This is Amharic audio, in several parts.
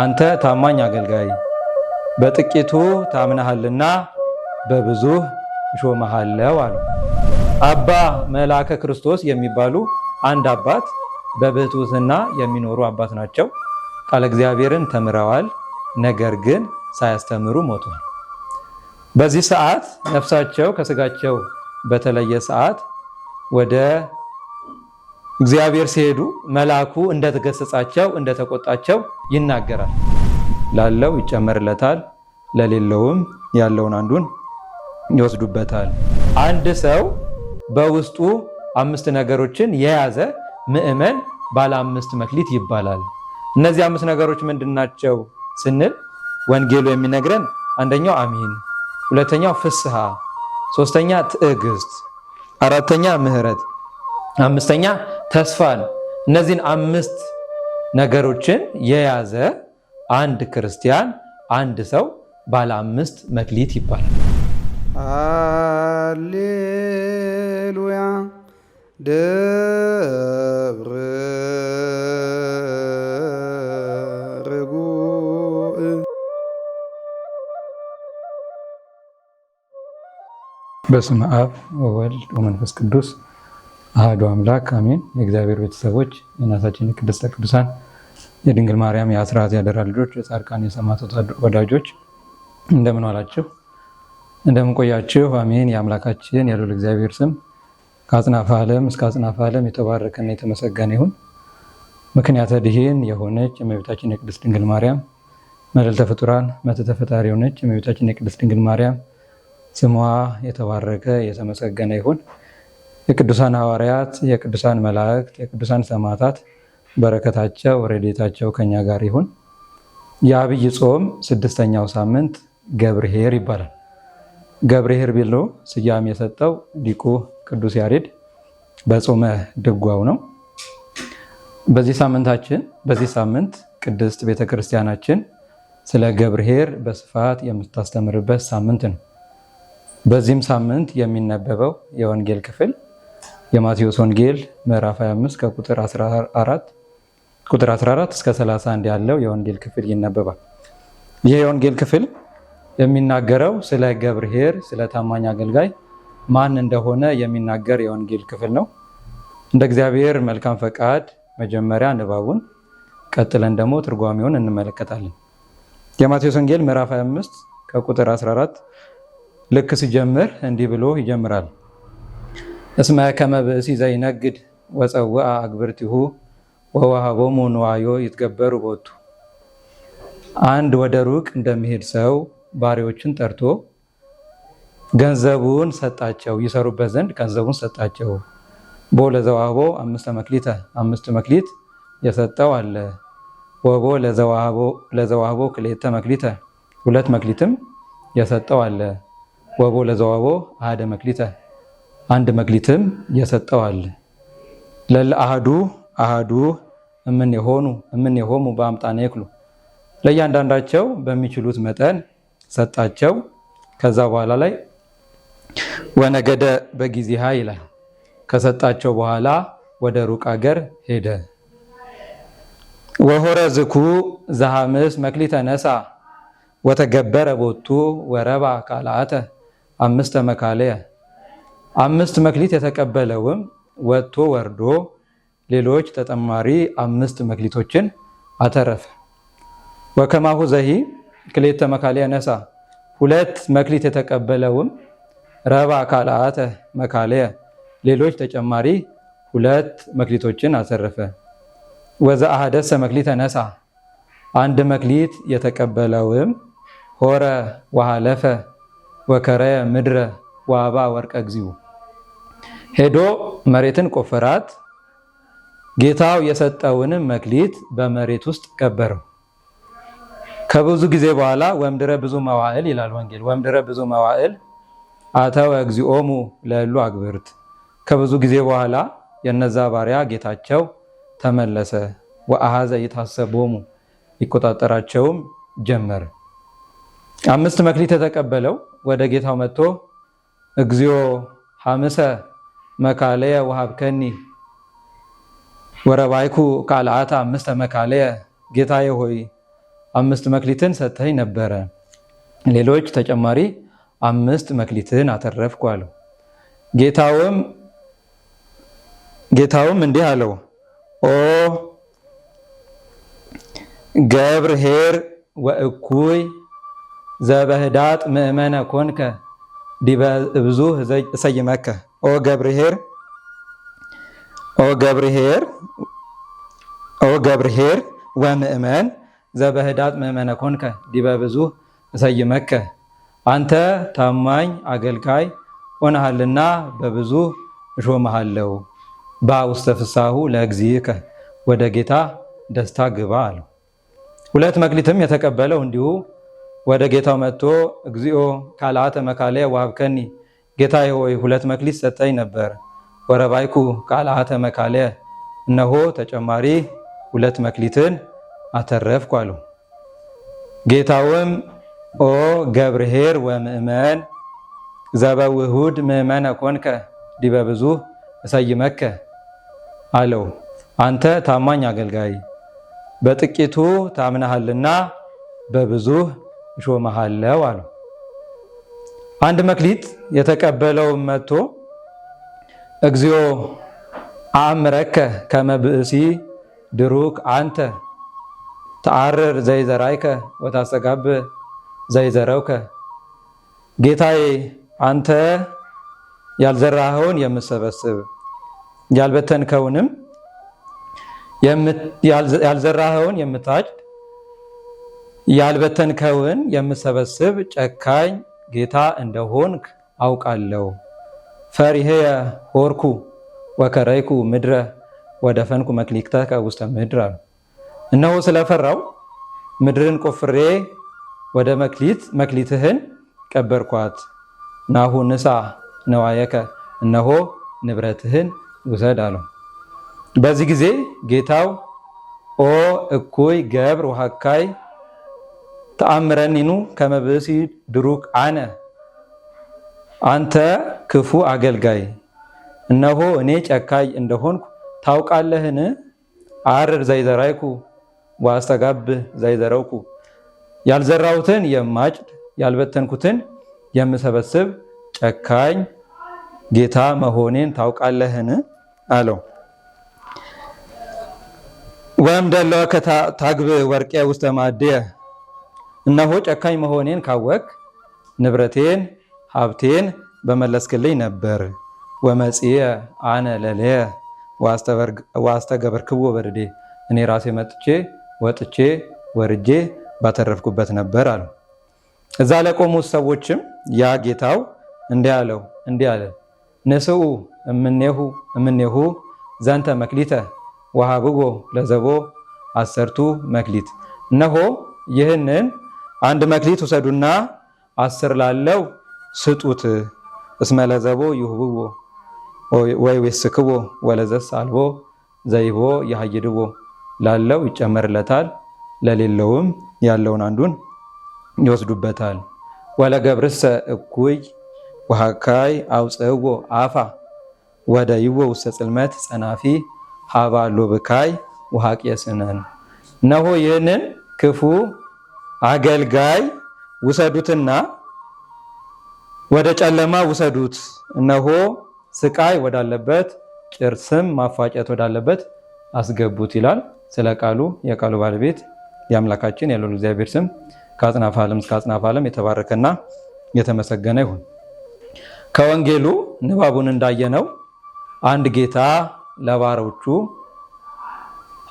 አንተ ታማኝ አገልጋይ በጥቂቱ ታምናሃልና በብዙ እሾመሃለው አሉ። አባ መልአከ ክርስቶስ የሚባሉ አንድ አባት በብህትውትና የሚኖሩ አባት ናቸው። ቃለ እግዚአብሔርን ተምረዋል። ነገር ግን ሳያስተምሩ ሞቷል። በዚህ ሰዓት ነፍሳቸው ከስጋቸው በተለየ ሰዓት ወደ እግዚአብሔር ሲሄዱ መልአኩ እንደተገሰጻቸው እንደተቆጣቸው ይናገራል። ላለው ይጨመርለታል፣ ለሌለውም ያለውን አንዱን ይወስዱበታል። አንድ ሰው በውስጡ አምስት ነገሮችን የያዘ ምዕመን ባለ አምስት መክሊት ይባላል። እነዚህ አምስት ነገሮች ምንድናቸው ስንል ወንጌሉ የሚነግረን አንደኛው አሚን፣ ሁለተኛው ፍስሐ፣ ሶስተኛ ትዕግስት፣ አራተኛ ምህረት፣ አምስተኛ ተስፋን እነዚህን አምስት ነገሮችን የያዘ አንድ ክርስቲያን አንድ ሰው ባለ አምስት መክሊት ይባላል። አሌሉያ ደብረ በስመ አብ ወወልድ ወመንፈስ ቅዱስ አህዶ አምላክ አሜን። የእግዚአብሔር ቤተሰቦች የእናታችን ቅድስተ ቅዱሳን የድንግል ማርያም የአስራት ያደራ ልጆች የጻድቃን የሰማዕታት ወዳጆች እንደምን ዋላችሁ? እንደምን ቆያችሁ? አሜን። የአምላካችን ያሉል እግዚአብሔር ስም ከአጽናፈ ዓለም እስከ አጽናፈ ዓለም የተባረከና የተመሰገነ ይሁን። ምክንያተ ድኅን የሆነች የእመቤታችን የቅድስት ድንግል ማርያም መልዕልተ ፍጡራን መትሕተ ፈጣሪ የሆነች የእመቤታችን የቅድስት ድንግል ማርያም ስሟ የተባረከ የተመሰገነ ይሁን። የቅዱሳን ሐዋርያት፣ የቅዱሳን መላእክት፣ የቅዱሳን ሰማዕታት በረከታቸው ረድኤታቸው ከኛ ጋር ይሁን። የአብይ ጾም ስድስተኛው ሳምንት ገብርሄር ይባላል። ገብርሄር ቢሎ ስያሜ የሰጠው ሊቁ ቅዱስ ያሬድ በጾመ ድጓው ነው። በዚህ ሳምንታችን በዚህ ሳምንት ቅድስት ቤተክርስቲያናችን ስለ ገብርሄር በስፋት የምታስተምርበት ሳምንት ነው። በዚህም ሳምንት የሚነበበው የወንጌል ክፍል የማቴዎስ ወንጌል ምዕራፍ 25 ከቁጥር 14 ቁጥር 14 እስከ 31 ያለው የወንጌል ክፍል ይነበባል። ይህ የወንጌል ክፍል የሚናገረው ስለ ገብርሄር ስለ ታማኝ አገልጋይ ማን እንደሆነ የሚናገር የወንጌል ክፍል ነው። እንደ እግዚአብሔር መልካም ፈቃድ መጀመሪያ ንባቡን ቀጥለን ደግሞ ትርጓሚውን እንመለከታለን። የማቴዎስ ወንጌል ምዕራፍ 25 ከቁጥር 14 ልክ ሲጀምር እንዲህ ብሎ ይጀምራል። እስመ ከመብእሲ ዘይነግድ ወፀውአ አግብርቲሁ ወዋሃቦሙ ንዋዮ ይትገበር ቦቱ። አንድ ወደ ሩቅ እንደሚሄድ ሰው ባሪዎችን ጠርቶ ገንዘቡን ሰጣቸው፣ ይሰሩበት ዘንድ ገንዘቡን ሰጣቸው። ቦ ለዘዋህቦ አምስተ መክሊተ አምስት መክሊት የሰጠው አለ። ወቦ ለዘዋህቦ ክሌተ መክሊተ ሁለት መክሊትም የሰጠው አለ። ወቦ ለዘዋህቦ አደ መክሊተ አንድ መክሊትም የሰጠዋል። ለለአህዱ አህዱ እምን የሆኑ እምን የሆሙ በአምጣነ ይክሉ ለእያንዳንዳቸው በሚችሉት መጠን ሰጣቸው። ከዛ በኋላ ላይ ወነገደ በጊዜሃ ይላል። ከሰጣቸው በኋላ ወደ ሩቅ አገር ሄደ። ወሆረ ዝኩ ዘሐምስ መክሊተ ነሳ ወተገበረ ቦቱ ወረባ ካልአተ አምስተ መካለየ አምስት መክሊት የተቀበለውም ወጥቶ ወርዶ ሌሎች ተጨማሪ አምስት መክሊቶችን አተረፈ። ወከማሁ ዘሂ ክሌተ መካሊያ ነሳ ሁለት መክሊት የተቀበለውም ረባ ካልአተ መካሊያ ሌሎች ተጨማሪ ሁለት መክሊቶችን አተረፈ። ወዛ አሐደሰ መክሊተ ነሳ አንድ መክሊት የተቀበለውም ሆረ ወሃለፈ ወከረየ ምድረ ዋባ ወርቀ እግዚኡ ሄዶ መሬትን ቆፈራት። ጌታው የሰጠውንም መክሊት በመሬት ውስጥ ቀበረው። ከብዙ ጊዜ በኋላ ወምድረ ብዙ መዋዕል ይላል ወንጌል። ወምድረ ብዙ መዋዕል አተወ እግዚኦሙ ለሉ አግብርት። ከብዙ ጊዜ በኋላ የነዛ ባሪያ ጌታቸው ተመለሰ። ወአሃዘ ይታሰቦሙ ይቆጣጠራቸውም ጀመረ። አምስት መክሊት የተቀበለው ወደ ጌታው መጥቶ እግዚኦ ሐምሰ መካለየ ወሀብከኒ ወረባይኩ ቃልዓተ አምስተ መካለየ፣ ጌታዬ ሆይ አምስት መክሊትን ሰጥተኝ ነበረ፣ ሌሎች ተጨማሪ አምስት መክሊትን አተረፍኩ አለው። ጌታውም ጌታውም እንዲህ አለው፣ ኦ ገብር ኄር ወእኩይ ዘበህዳጥ ምእመነ ኮንከ ዲበ ብዙ ሰይመከ! ኦ ገብርሄር ኦ ገብርሄር ኦ ገብርሄር ወምእመን ዘበህዳት ምእመነ ኮንከ ዲበ ብዙ እሰይመከ አንተ ታማኝ አገልጋይ ሆነሃልና በብዙ እሾመሃለሁ። ባ ውስተ ፍሳሁ ለእግዚእከ ወደ ጌታ ደስታ ግባ አለው። ሁለት መክሊትም የተቀበለው እንዲሁ ወደ ጌታው መጥቶ እግዚኦ ካልአተ መካለ ዋብከኒ ጌታ ሆይ ሁለት መክሊት ሰጠኝ ነበር። ወረባይኩ አተ መካለ እነሆ ተጨማሪ ሁለት መክሊትን አተረፍኩ አሉ። ጌታውም ኦ ገብርሄር ወምእመን ዘበውሁድ ምእመነ ኮንከ ዲበ ብዙ እሰይመከ አለው። አንተ ታማኝ አገልጋይ በጥቂቱ ታምናሃልና በብዙ እሾመሃለው አሉ። አንድ መክሊት የተቀበለውን መጥቶ እግዚኦ አእምረከ ከመ ብእሲ ድሩክ አንተ ተአርር ዘይዘራይከ ወታሰጋብ ዘይዘረውከ ጌታዬ አንተ ያልዘራኸውን የምሰበስብ ያልበተንከውንም ያልዘራኸውን የምታጭድ ያልበተንከውን የምሰበስብ ጨካኝ ጌታ እንደሆንክ አውቃለሁ። ፈሪሄየ ሆርኩ ወከረይኩ ምድረ ወደፈንኩ መክሊክተከ ውስተ ምድር አሉ። እነሆ ስለፈራው ምድርን ቆፍሬ ወደ መክሊት መክሊትህን ቀበርኳት። ናሁ ንሳ ነዋየከ እነሆ ንብረትህን ውሰድ አለው። በዚህ ጊዜ ጌታው ኦ እኩይ ገብር ውሃካይ ተአምረኒኑ ከመብእሲ ድሩክ አነ አንተ ክፉ አገልጋይ እነሆ እኔ ጨካኝ እንደሆንኩ ታውቃለህን? አርር ዘይዘራይኩ ዋስተጋብህ ዘይዘረውኩ ያልዘራሁትን የማጭድ ያልበተንኩትን የምሰበስብ ጨካኝ ጌታ መሆኔን ታውቃለህን? አለው። ወእምደለወ ከታግብ ወርቄ ውስተ እነሆ ጨካኝ መሆኔን ካወቅ ንብረቴን ሀብቴን በመለስክልኝ ነበር። ወመጽየ አነ ለልየ ዋስተገበርክቦ በርዴ እኔ ራሴ መጥቼ ወጥቼ ወርጄ ባተረፍኩበት ነበር አሉ። እዛ ለቆሙት ሰዎችም ያ ጌታው እንዲህ አለው እንዲህ አለ ንስኡ እምኔሁ እምኔሁ ዘንተ መክሊተ ወሃብዎ ለዘቦ አሰርቱ መክሊት እነሆ ይህንን አንድ መክሊት ውሰዱና አስር ላለው ስጡት። እስመ ለዘቦ ይሁብዎ ወይ ወስክቦ ወለዘስ አልቦ ዘይቦ ያህይድቦ ላለው ይጨመርለታል፣ ለሌለውም ያለውን አንዱን ይወስዱበታል። ወለገብርሰ እኩይ ወሃካይ አውፀዎ አፋ ወደ ይዎ ውስተ ጽልመት ጸናፊ ሀባ ሎብካይ ወሃቄስነን ነሆ ይህንን ክፉ አገልጋይ ውሰዱትና ወደ ጨለማ ውሰዱት፣ እነሆ ስቃይ ወዳለበት ጭርስም ማፋጨት ወዳለበት አስገቡት ይላል። ስለ ቃሉ የቃሉ ባለቤት የአምላካችን ያለሉ እግዚአብሔር ስም ከአጽናፈ ዓለም እስከ አጽናፈ ዓለም የተባረከና የተመሰገነ ይሁን። ከወንጌሉ ንባቡን እንዳየነው አንድ ጌታ ለባሮቹ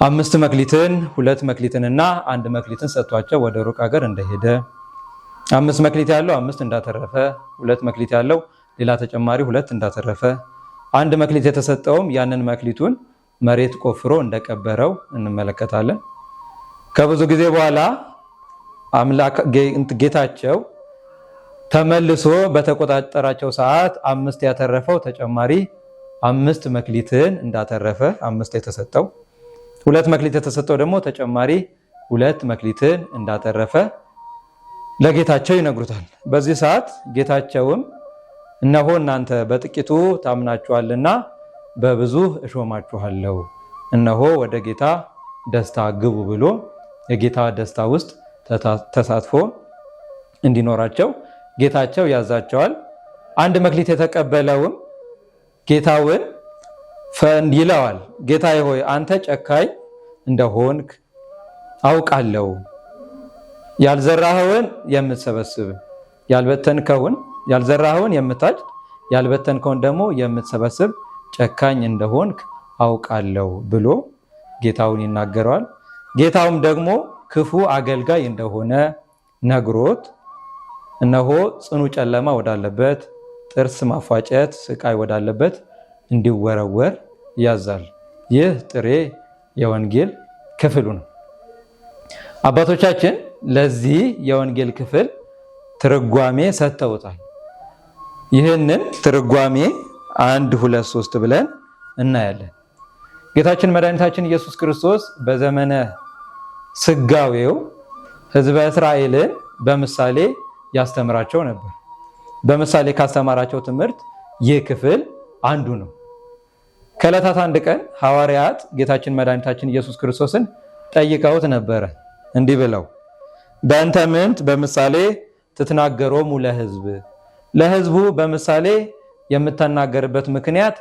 አምስት መክሊትን ሁለት መክሊትንና አንድ መክሊትን ሰጥቷቸው ወደ ሩቅ ሀገር እንደሄደ፣ አምስት መክሊት ያለው አምስት እንዳተረፈ፣ ሁለት መክሊት ያለው ሌላ ተጨማሪ ሁለት እንዳተረፈ፣ አንድ መክሊት የተሰጠውም ያንን መክሊቱን መሬት ቆፍሮ እንደቀበረው እንመለከታለን። ከብዙ ጊዜ በኋላ ጌታቸው ተመልሶ በተቆጣጠራቸው ሰዓት አምስት ያተረፈው ተጨማሪ አምስት መክሊትን እንዳተረፈ አምስት የተሰጠው ሁለት መክሊት የተሰጠው ደግሞ ተጨማሪ ሁለት መክሊትን እንዳተረፈ ለጌታቸው ይነግሩታል። በዚህ ሰዓት ጌታቸውም እነሆ እናንተ በጥቂቱ ታምናችኋልና በብዙ እሾማችኋለሁ፣ እነሆ ወደ ጌታ ደስታ ግቡ ብሎ የጌታ ደስታ ውስጥ ተሳትፎ እንዲኖራቸው ጌታቸው ያዛቸዋል። አንድ መክሊት የተቀበለውም ጌታውን ይለዋል፣ ጌታዬ ሆይ አንተ ጨካኝ እንደሆንክ አውቃለሁ። ያልዘራኸውን የምትሰበስብ ያልበተንከውን ያልዘራኸውን የምታጭድ ያልበተንከውን ደግሞ የምትሰበስብ ጨካኝ እንደሆንክ አውቃለሁ ብሎ ጌታውን ይናገረዋል። ጌታውም ደግሞ ክፉ አገልጋይ እንደሆነ ነግሮት እነሆ ጽኑ ጨለማ ወዳለበት ጥርስ ማፏጨት ስቃይ ወዳለበት እንዲወረወር ያዛል። ይህ ጥሬ የወንጌል ክፍሉ ነው። አባቶቻችን ለዚህ የወንጌል ክፍል ትርጓሜ ሰጥተውታል። ይህንን ትርጓሜ አንድ ሁለት ሶስት ብለን እናያለን። ጌታችን መድኃኒታችን ኢየሱስ ክርስቶስ በዘመነ ስጋዌው ሕዝበ እስራኤልን በምሳሌ ያስተምራቸው ነበር። በምሳሌ ካስተማራቸው ትምህርት ይህ ክፍል አንዱ ነው። ከዕለታት አንድ ቀን ሐዋርያት ጌታችን መድኃኒታችን ኢየሱስ ክርስቶስን ጠይቀውት ነበረ እንዲህ ብለው በእንተ ምንት በምሳሌ ትትናገሮሙ ለህዝብ ለህዝቡ በምሳሌ የምትናገርበት ምክንያት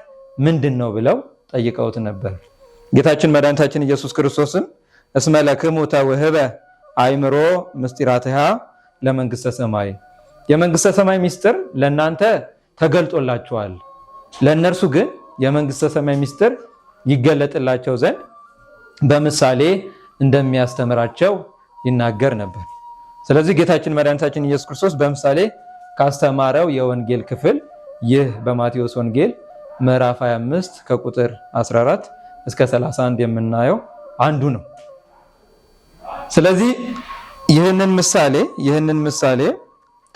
ምንድን ነው ብለው ጠይቀውት ነበር። ጌታችን መድኃኒታችን ኢየሱስ ክርስቶስም እስመ ለክሙ ተውህበ አይምሮ ምስጢራትሃ ለመንግሥተ ሰማይ የመንግሥተ ሰማይ ሚስጥር ለእናንተ ተገልጦላችኋል፣ ለእነርሱ ግን የመንግስተ ሰማይ ምስጢር ይገለጥላቸው ዘንድ በምሳሌ እንደሚያስተምራቸው ይናገር ነበር። ስለዚህ ጌታችን መድኃኒታችን ኢየሱስ ክርስቶስ በምሳሌ ካስተማረው የወንጌል ክፍል ይህ በማቴዎስ ወንጌል ምዕራፍ 25 ከቁጥር 14 እስከ 31 የምናየው አንዱ ነው። ስለዚህ ይህንን ምሳሌ ይህንን ምሳሌ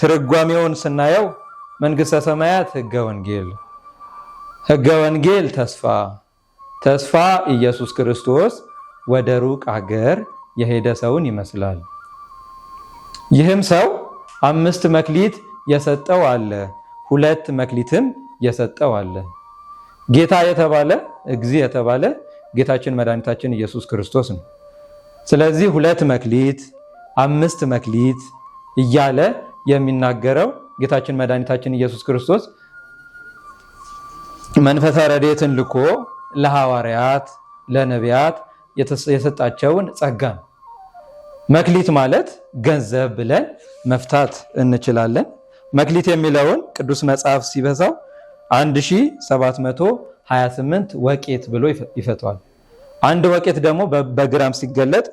ትርጓሜውን ስናየው መንግስተ ሰማያት ህገ ወንጌል ሕገ ወንጌል ተስፋ ተስፋ ኢየሱስ ክርስቶስ ወደ ሩቅ አገር የሄደ ሰውን ይመስላል። ይህም ሰው አምስት መክሊት የሰጠው አለ፣ ሁለት መክሊትም የሰጠው አለ። ጌታ የተባለ እግዚ የተባለ ጌታችን መድኃኒታችን ኢየሱስ ክርስቶስ ነው። ስለዚህ ሁለት መክሊት፣ አምስት መክሊት እያለ የሚናገረው ጌታችን መድኃኒታችን ኢየሱስ ክርስቶስ መንፈሰ ረዴትን ልኮ ለሐዋርያት ለነቢያት የሰጣቸውን ጸጋ ነው። መክሊት ማለት ገንዘብ ብለን መፍታት እንችላለን። መክሊት የሚለውን ቅዱስ መጽሐፍ ሲበዛው 1728 ወቄት ብሎ ይፈቷል። አንድ ወቄት ደግሞ በግራም ሲገለጥ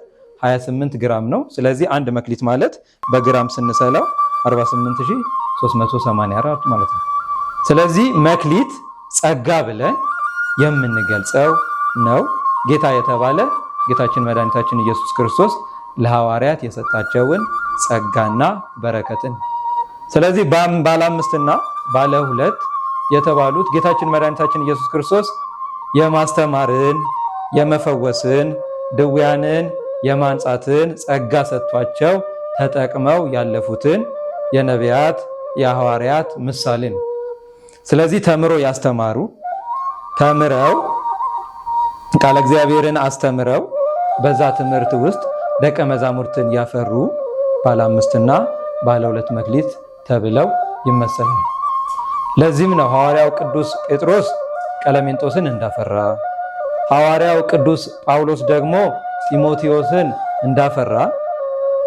28 ግራም ነው። ስለዚህ አንድ መክሊት ማለት በግራም ስንሰላው 48384 ማለት ነው። ስለዚህ መክሊት ጸጋ ብለን የምንገልጸው ነው። ጌታ የተባለ ጌታችን መድኃኒታችን ኢየሱስ ክርስቶስ ለሐዋርያት የሰጣቸውን ጸጋና በረከትን ስለዚህ ባለ አምስትና ባለ ሁለት የተባሉት ጌታችን መድኃኒታችን ኢየሱስ ክርስቶስ የማስተማርን፣ የመፈወስን፣ ድውያንን የማንጻትን ጸጋ ሰጥቷቸው ተጠቅመው ያለፉትን የነቢያት የሐዋርያት ምሳሌ ነው። ስለዚህ ተምሮ ያስተማሩ ተምረው ቃለ እግዚአብሔርን አስተምረው በዛ ትምህርት ውስጥ ደቀ መዛሙርትን ያፈሩ ባለ አምስትና ባለ ሁለት መክሊት ተብለው ይመሰላል። ለዚህም ነው ሐዋርያው ቅዱስ ጴጥሮስ ቀለሜንጦስን እንዳፈራ፣ ሐዋርያው ቅዱስ ጳውሎስ ደግሞ ጢሞቴዎስን እንዳፈራ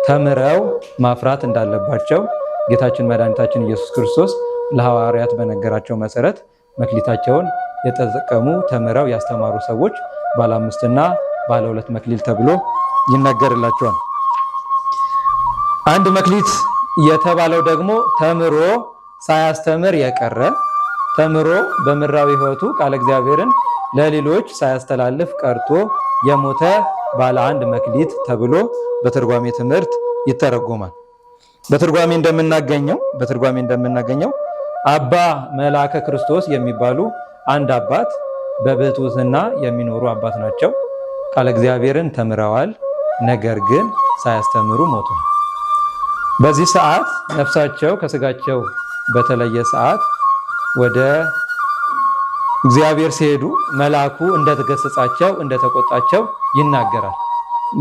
ተምረው ማፍራት እንዳለባቸው ጌታችን መድኃኒታችን ኢየሱስ ክርስቶስ ለሐዋርያት በነገራቸው መሰረት መክሊታቸውን የተጠቀሙ ተምረው ያስተማሩ ሰዎች ባለ አምስትና ባለ ሁለት መክሊል ተብሎ ይነገርላቸዋል። አንድ መክሊት የተባለው ደግሞ ተምሮ ሳያስተምር የቀረ ተምሮ በምድራዊ ሕይወቱ ቃለ እግዚአብሔርን ለሌሎች ሳያስተላልፍ ቀርቶ የሞተ ባለ አንድ መክሊት ተብሎ በትርጓሜ ትምህርት ይተረጎማል። በትርጓሜ እንደምናገኘው በትርጓሜ እንደምናገኘው አባ መልአከ ክርስቶስ የሚባሉ አንድ አባት በብሕትውና የሚኖሩ አባት ናቸው። ቃለ እግዚአብሔርን ተምረዋል፣ ነገር ግን ሳያስተምሩ ሞቱ። በዚህ ሰዓት ነፍሳቸው ከስጋቸው በተለየ ሰዓት ወደ እግዚአብሔር ሲሄዱ መልአኩ እንደተገሰጻቸው እንደተቆጣቸው ይናገራል።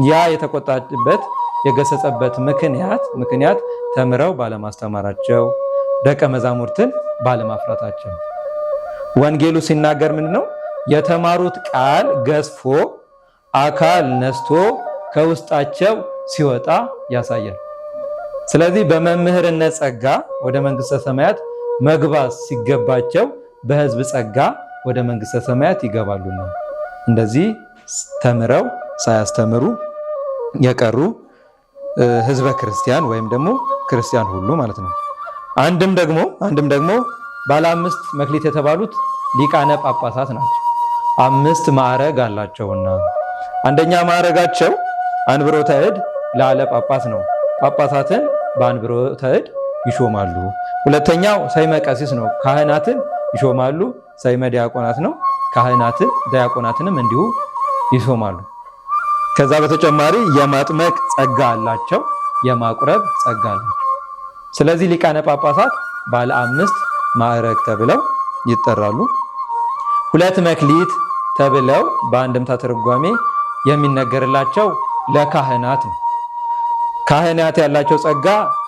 ያ የተቆጣበት የገሰጸበት ምክንያት ምክንያት ተምረው ባለማስተማራቸው ደቀ መዛሙርትን ባለማፍራታቸው። ወንጌሉ ሲናገር ምንድን ነው? የተማሩት ቃል ገዝፎ አካል ነስቶ ከውስጣቸው ሲወጣ ያሳያል። ስለዚህ በመምህርነት ጸጋ ወደ መንግስተ ሰማያት መግባት ሲገባቸው በህዝብ ጸጋ ወደ መንግስተ ሰማያት ይገባሉና እንደዚህ ተምረው ሳያስተምሩ የቀሩ ህዝበ ክርስቲያን ወይም ደግሞ ክርስቲያን ሁሉ ማለት ነው። አንድም ደግሞ አንድም ደግሞ ባለ አምስት መክሊት የተባሉት ሊቃነ ጳጳሳት ናቸው። አምስት ማዕረግ አላቸውና አንደኛ ማዕረጋቸው አንብሮተ እድ ለአለ ጳጳስ ነው። ጳጳሳትን በአንብሮተ እድ ይሾማሉ። ሁለተኛው ሰይመ ቀሲስ ነው። ካህናትን ይሾማሉ። ሰይመ ዲያቆናት ነው። ካህናትን ዲያቆናትንም እንዲሁ ይሾማሉ። ከዛ በተጨማሪ የማጥመቅ ጸጋ አላቸው። የማቁረብ ጸጋ አላቸው። ስለዚህ ሊቃነ ጳጳሳት ባለ አምስት ማዕረግ ተብለው ይጠራሉ። ሁለት መክሊት ተብለው በአንድምታ ትርጓሜ የሚነገርላቸው ለካህናት ነው። ካህናት ያላቸው ጸጋ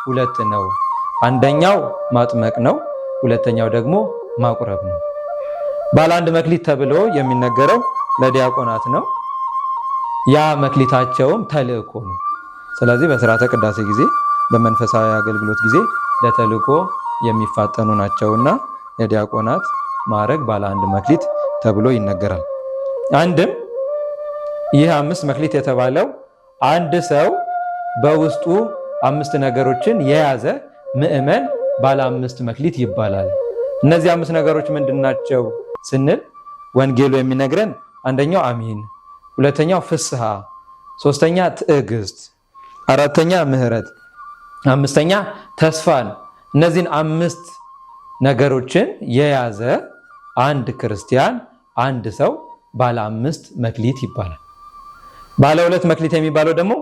ሁለት ነው። አንደኛው ማጥመቅ ነው። ሁለተኛው ደግሞ ማቁረብ ነው። ባለ አንድ መክሊት ተብሎ የሚነገረው ለዲያቆናት ነው። ያ መክሊታቸውም ተልእኮ ነው። ስለዚህ በስርዓተ ቅዳሴ ጊዜ በመንፈሳዊ አገልግሎት ጊዜ ለተልእኮ የሚፋጠኑ ናቸውና የዲያቆናት ማዕረግ ባለ አንድ መክሊት ተብሎ ይነገራል። አንድም ይህ አምስት መክሊት የተባለው አንድ ሰው በውስጡ አምስት ነገሮችን የያዘ ምዕመን ባለ አምስት መክሊት ይባላል። እነዚህ አምስት ነገሮች ምንድን ናቸው ስንል ወንጌሉ የሚነግረን አንደኛው አሚን፣ ሁለተኛው ፍስሐ፣ ሶስተኛ ትዕግስት፣ አራተኛ ምህረት አምስተኛ ተስፋ ነው። እነዚህን አምስት ነገሮችን የያዘ አንድ ክርስቲያን አንድ ሰው ባለ አምስት መክሊት ይባላል። ባለ ሁለት መክሊት የሚባለው ደግሞ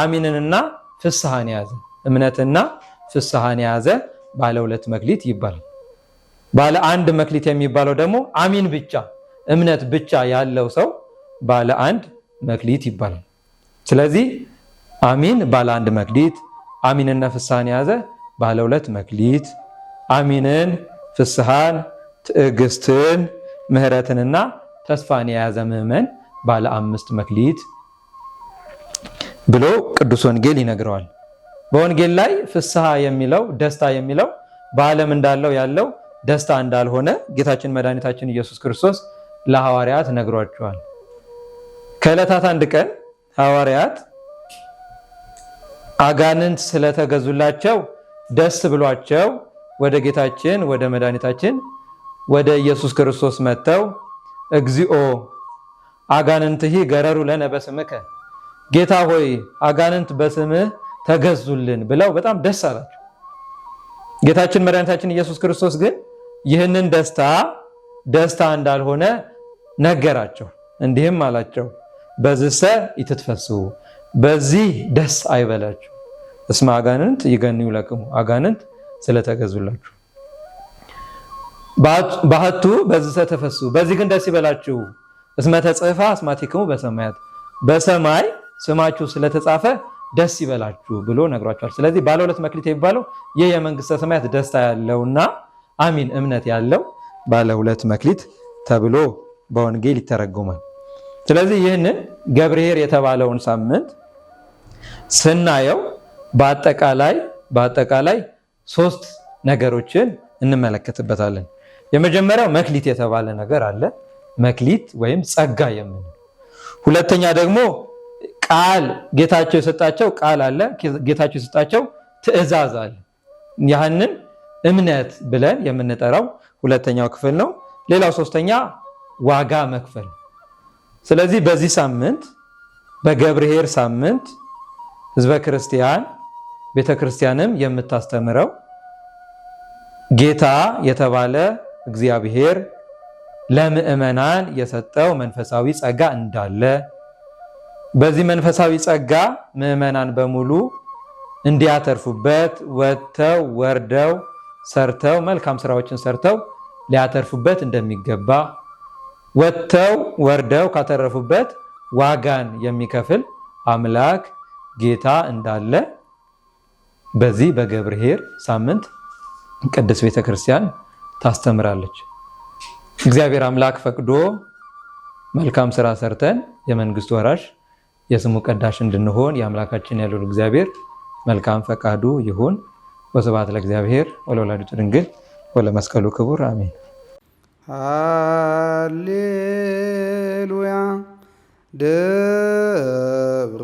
አሚንንና ፍስሐን የያዘ እምነትና ፍስሐን የያዘ ባለ ሁለት መክሊት ይባላል። ባለ አንድ መክሊት የሚባለው ደግሞ አሚን ብቻ እምነት ብቻ ያለው ሰው ባለ አንድ መክሊት ይባላል። ስለዚህ አሚን ባለ አንድ መክሊት አሚንና ፍስሐን የያዘ ባለ ሁለት መክሊት አሚንን፣ ፍስሐን፣ ትዕግስትን፣ ምህረትንና ተስፋን የያዘ ምዕመን ባለ አምስት መክሊት ብሎ ቅዱስ ወንጌል ይነግረዋል። በወንጌል ላይ ፍስሐ የሚለው ደስታ የሚለው በዓለም እንዳለው ያለው ደስታ እንዳልሆነ ጌታችን መድኃኒታችን ኢየሱስ ክርስቶስ ለሐዋርያት ነግሯቸዋል። ከዕለታት አንድ ቀን ሐዋርያት አጋንንት ስለተገዙላቸው ደስ ብሏቸው ወደ ጌታችን ወደ መድኃኒታችን ወደ ኢየሱስ ክርስቶስ መጥተው እግዚኦ አጋንንትሂ ገረሩ ለነ በስምከ ጌታ ሆይ አጋንንት በስምህ ተገዙልን ብለው በጣም ደስ አላቸው። ጌታችን መድኃኒታችን ኢየሱስ ክርስቶስ ግን ይህንን ደስታ ደስታ እንዳልሆነ ነገራቸው። እንዲህም አላቸው በዝሰ ይትትፈስሑ በዚህ ደስ አይበላችሁ፣ እስመ አጋንንት ይገንዩ ለክሙ፣ አጋንንት ስለተገዙላችሁ። ባህቱ በዝሰ ተፈሱ፣ በዚህ ግን ደስ ይበላችሁ። እስመ ተጽሕፋ አስማቲክሙ በሰማያት፣ በሰማይ ስማችሁ ስለተጻፈ ደስ ይበላችሁ ብሎ ነግሯቸዋል። ስለዚህ ባለ ሁለት መክሊት የሚባለው ይህ የመንግስተ ሰማያት ደስታ ያለውና አሚን እምነት ያለው ባለ ሁለት መክሊት ተብሎ በወንጌል ይተረጎማል። ስለዚህ ይህንን ገብርሄር የተባለውን ሳምንት ስናየው በአጠቃላይ በአጠቃላይ ሶስት ነገሮችን እንመለከትበታለን። የመጀመሪያው መክሊት የተባለ ነገር አለ፣ መክሊት ወይም ጸጋ የምንለው። ሁለተኛ ደግሞ ቃል ጌታቸው የሰጣቸው ቃል አለ፣ ጌታቸው የሰጣቸው ትእዛዝ አለ። ያህንን እምነት ብለን የምንጠራው ሁለተኛው ክፍል ነው። ሌላው ሶስተኛ ዋጋ መክፈል። ስለዚህ በዚህ ሳምንት በገብርሄር ሳምንት ህዝበ ክርስቲያን ቤተ ክርስቲያንም የምታስተምረው ጌታ የተባለ እግዚአብሔር ለምዕመናን የሰጠው መንፈሳዊ ጸጋ እንዳለ በዚህ መንፈሳዊ ጸጋ ምዕመናን በሙሉ እንዲያተርፉበት ወጥተው ወርደው ሰርተው መልካም ስራዎችን ሰርተው ሊያተርፉበት እንደሚገባ ወጥተው ወርደው ካተረፉበት ዋጋን የሚከፍል አምላክ ጌታ እንዳለ በዚህ በገብርሄር ሳምንት ቅድስት ቤተክርስቲያን ታስተምራለች። እግዚአብሔር አምላክ ፈቅዶ መልካም ስራ ሰርተን የመንግስት ወራሽ የስሙ ቀዳሽ እንድንሆን የአምላካችን ያለው እግዚአብሔር መልካም ፈቃዱ ይሁን። ወስብሐት ለእግዚአብሔር ወለወላዲቱ ድንግል ወለመስቀሉ ክቡር አሜን። ሃሌሉያ ደብር